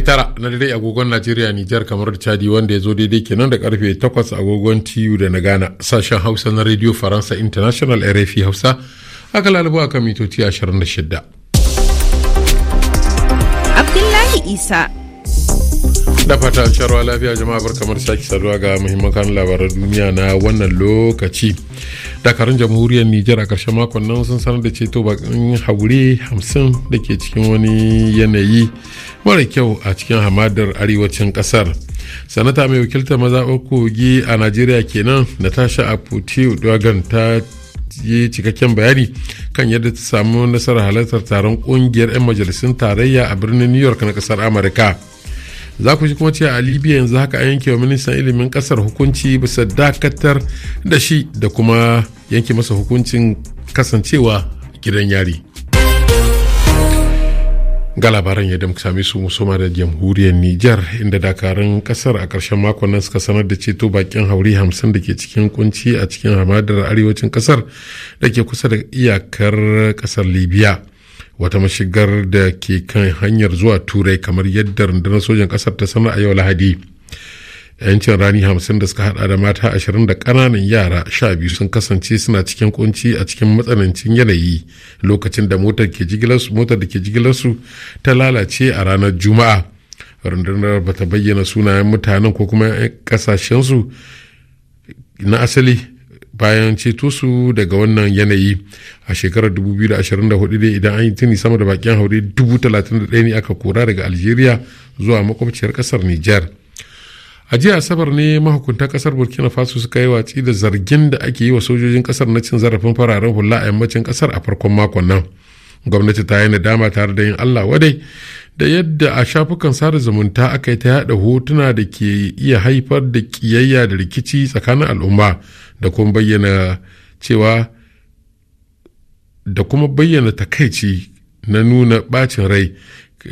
karfe tara na dare agogon Najeriya Nijar kamar da Chadi wanda ya zo daidai kenan da karfe takwas agogon TU da na Ghana sashen Hausa na Radio Faransa International RFI Hausa aka lalubu a kan mitoci 26. Abdullahi Isa dafa fata an lafiya jama'a bar kamar sake saduwa ga muhimman kan labaran duniya na wannan lokaci dakarun jamhuriyar nijar a ƙarshen makon nan sun sanar da ceto bakin haure hamsin da ke cikin wani yanayi mara kyau a cikin hamadar arewacin ƙasar sanata mai wakiltar mazaɓar kogi a najeriya kenan natasha aputi dogon ta yi cikakken bayani kan yadda ta samu nasarar halartar taron ƙungiyar 'yan majalisun tarayya a birnin new york na kasar amurka za ku ji kuma cewa a libya yanzu haka an yanke wa ministan ilimin kasar hukunci bisa dakatar da shi da kuma yanke masa hukuncin kasancewa gidan yari ga labaran yadda muka same su musoma da jamhuriyar niger inda dakarun kasar a karshen makon nan suka sanar da ceto bakin hauri hamsin da ke cikin kunci a cikin hamadar arewacin kasar da ke kusa da iyakar kasar libya wata mashigar da ke kan hanyar zuwa turai kamar yadda rundunar sojan kasar ta sanar a yau lahadi yancin rani hamsin da suka hada da mata ashirin da kananan yara sha biyu sun kasance suna cikin kunci a cikin matsanancin yanayi lokacin da motar da ke jigilarsu ta lalace a ranar juma'a rundunar bata bayyana sunayen mutanen ko kuma kasashensu na asali bayan ceto su daga wannan yanayi a shekarar 2024 dai idan an yi tuni sama da bakin haure 31 ne aka kora daga algeria zuwa makwabciyar kasar niger a jiya asabar ne mahukuntan kasar burkina faso suka yi watsi da zargin da ake yi wa sojojin kasar na cin zarafin fararen hula a yammacin kasar a farkon makon nan gwamnati ta yi nadama tare da yin allah wadai da yadda a shafukan sada zumunta aka yi ta yada hotuna da ke iya haifar da kiyayya da rikici tsakanin al'umma da kuma bayyana cewa da kuma bayyana takaici na nuna bacin rai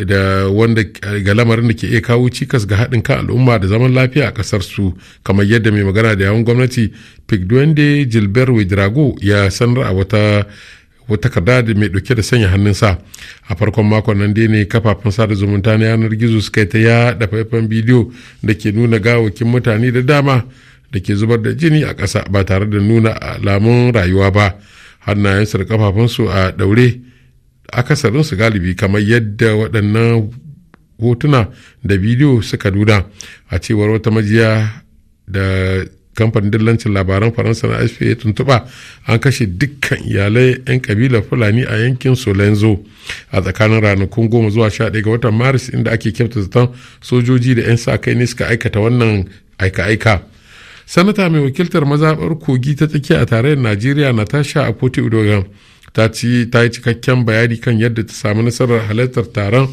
da wanda ga lamarin da ke iya kawo cikas ga haɗin kan al'umma da zaman lafiya a ƙasar su kamar yadda mai magana da yawon gwamnati pigduende gilbert wedrago ya sanar a wata wata takarda da mai dauke da sanya hannun sa a farkon makon nan dai ne kafafen sada zumunta na yanar gizo suka yi ta yaɗa faifan bidiyo da ke nuna gawakin mutane da dama da ke zubar da jini a ƙasa ba tare da nuna alamun rayuwa ba hannayensu da su a daure akasarin su galibi kamar yadda waɗannan hotuna da bidiyo suka nuna a cewar wata majiya da kamfanin dillancin labaran faransa na afp ya tuntuɓa an kashe dukkan iyalai 'yan kabilar fulani a yankin solenzo a tsakanin ranakun goma zuwa sha ga watan maris inda ake kyauta zaton sojoji da 'yan sa kai ne suka aikata wannan aika-aika sanata mai wakiltar mazaɓar kogi ta tsakiya a tarayyar najeriya natasha apoti udogan ta ci ta yi cikakken bayani kan yadda ta samu nasarar halartar taron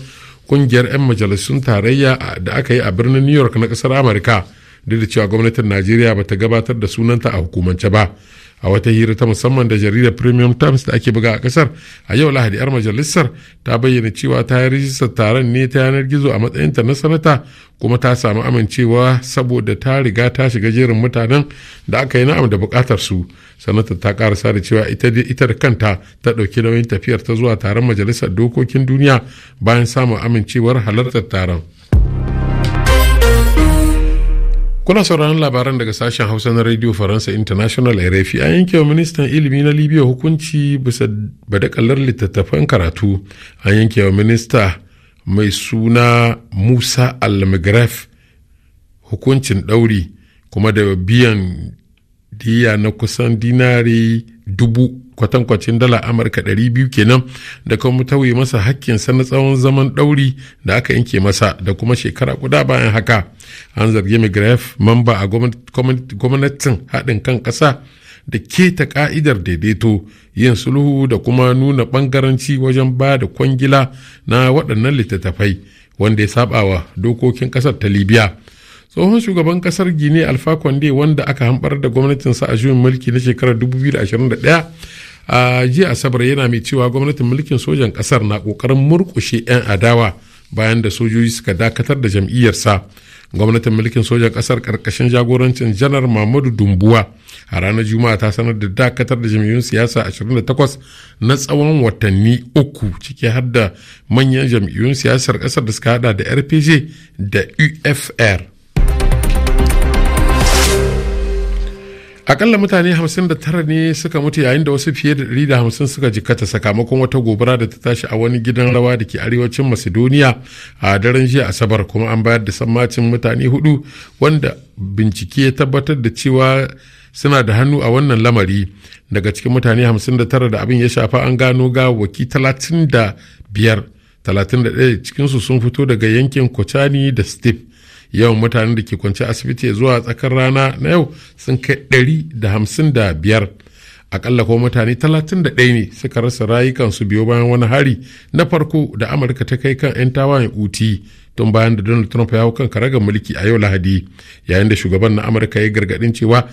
kungiyar 'yan majalisun tarayya da aka yi a birnin new york na kasar amurka duk da cewa gwamnatin najeriya bata gabatar da sunanta a hukumance ba a wata hira ta musamman da jaridar premium times da ake buga a kasar a yau lahadi yar majalisar ta bayyana cewa ta yi rijistar taron ne ta yanar gizo a matsayinta na sanata kuma ta samu amincewa saboda ta riga ta shiga jerin mutanen da aka yi na'am da bukatar su sanata ta karasa da cewa ita da kanta ta ɗauki nauyin tafiyar ta zuwa taron majalisar dokokin duniya bayan samun amincewar halartar taron Kuna sauraron labaran daga sashen Hausa na Radio Faransa International RFI an yanke wa ministan ilimi na Libya hukunci bisa badakalar littattafan karatu an yanke wa minista mai suna Musa Almagraf hukuncin ɗauri kuma da biyan diya na kusan dinari dubu kwatankwacin dala amurka 200 kenan da kuma tauye masa hakkinsa na tsawon zaman ɗauri da aka yanke masa da kuma shekara guda bayan haka an zargi mcgraff mamba a gwamnatin haɗin kan ƙasa da keta ka'idar daidaito yin sulhu da kuma nuna ɓangaranci wajen ba da kwangila na waɗannan littattafai wanda ya sabawa dokokin ƙasar ta libya tsohon shugaban kasar gini alfa wanda aka hambar da gwamnatinsa a juyin mulki na shekarar 2021 a jiya asabar yana mai cewa gwamnatin mulkin sojan kasar na kokarin murkushe 'yan adawa bayan da sojoji suka dakatar da jam'iyyarsa gwamnatin mulkin sojan kasar karkashin jagorancin janar mahmadu dumbuwa a ranar juma'a ta sanar da dakatar da jam'iyyun siyasa 28 na tsawon watanni uku ciki har da manyan jam'iyyun siyasar kasar da suka hada da rpg da ufr akalla mutane 59 ne suka mutu yayin da wasu fiye da 150 suka jikkata sakamakon wata gobara da ta tashi a wani gidan rawa da ke arewacin macedonia a daren jiya asabar kuma an bayar da sammacin mutane hudu wanda bincike ya tabbatar da cewa suna da hannu a wannan lamari daga cikin mutane 59 da abin ya shafa an gano gawaki 35 31 cikinsu sun fito daga yankin kochani da steve yawan mutanen da ke kwance asibiti zuwa tsakar rana na yau sun kai ɗari da hamsin da biyar akalla kuma mutane talatin da ɗaya ne suka rasa rayukansu biyo bayan wani hari na farko da amurka ta kai kan 'yan tawayen uti tun bayan da donald trump ya hau kan karagar mulki a yau lahadi yayin da shugaban na amurka ya gargaɗin cewa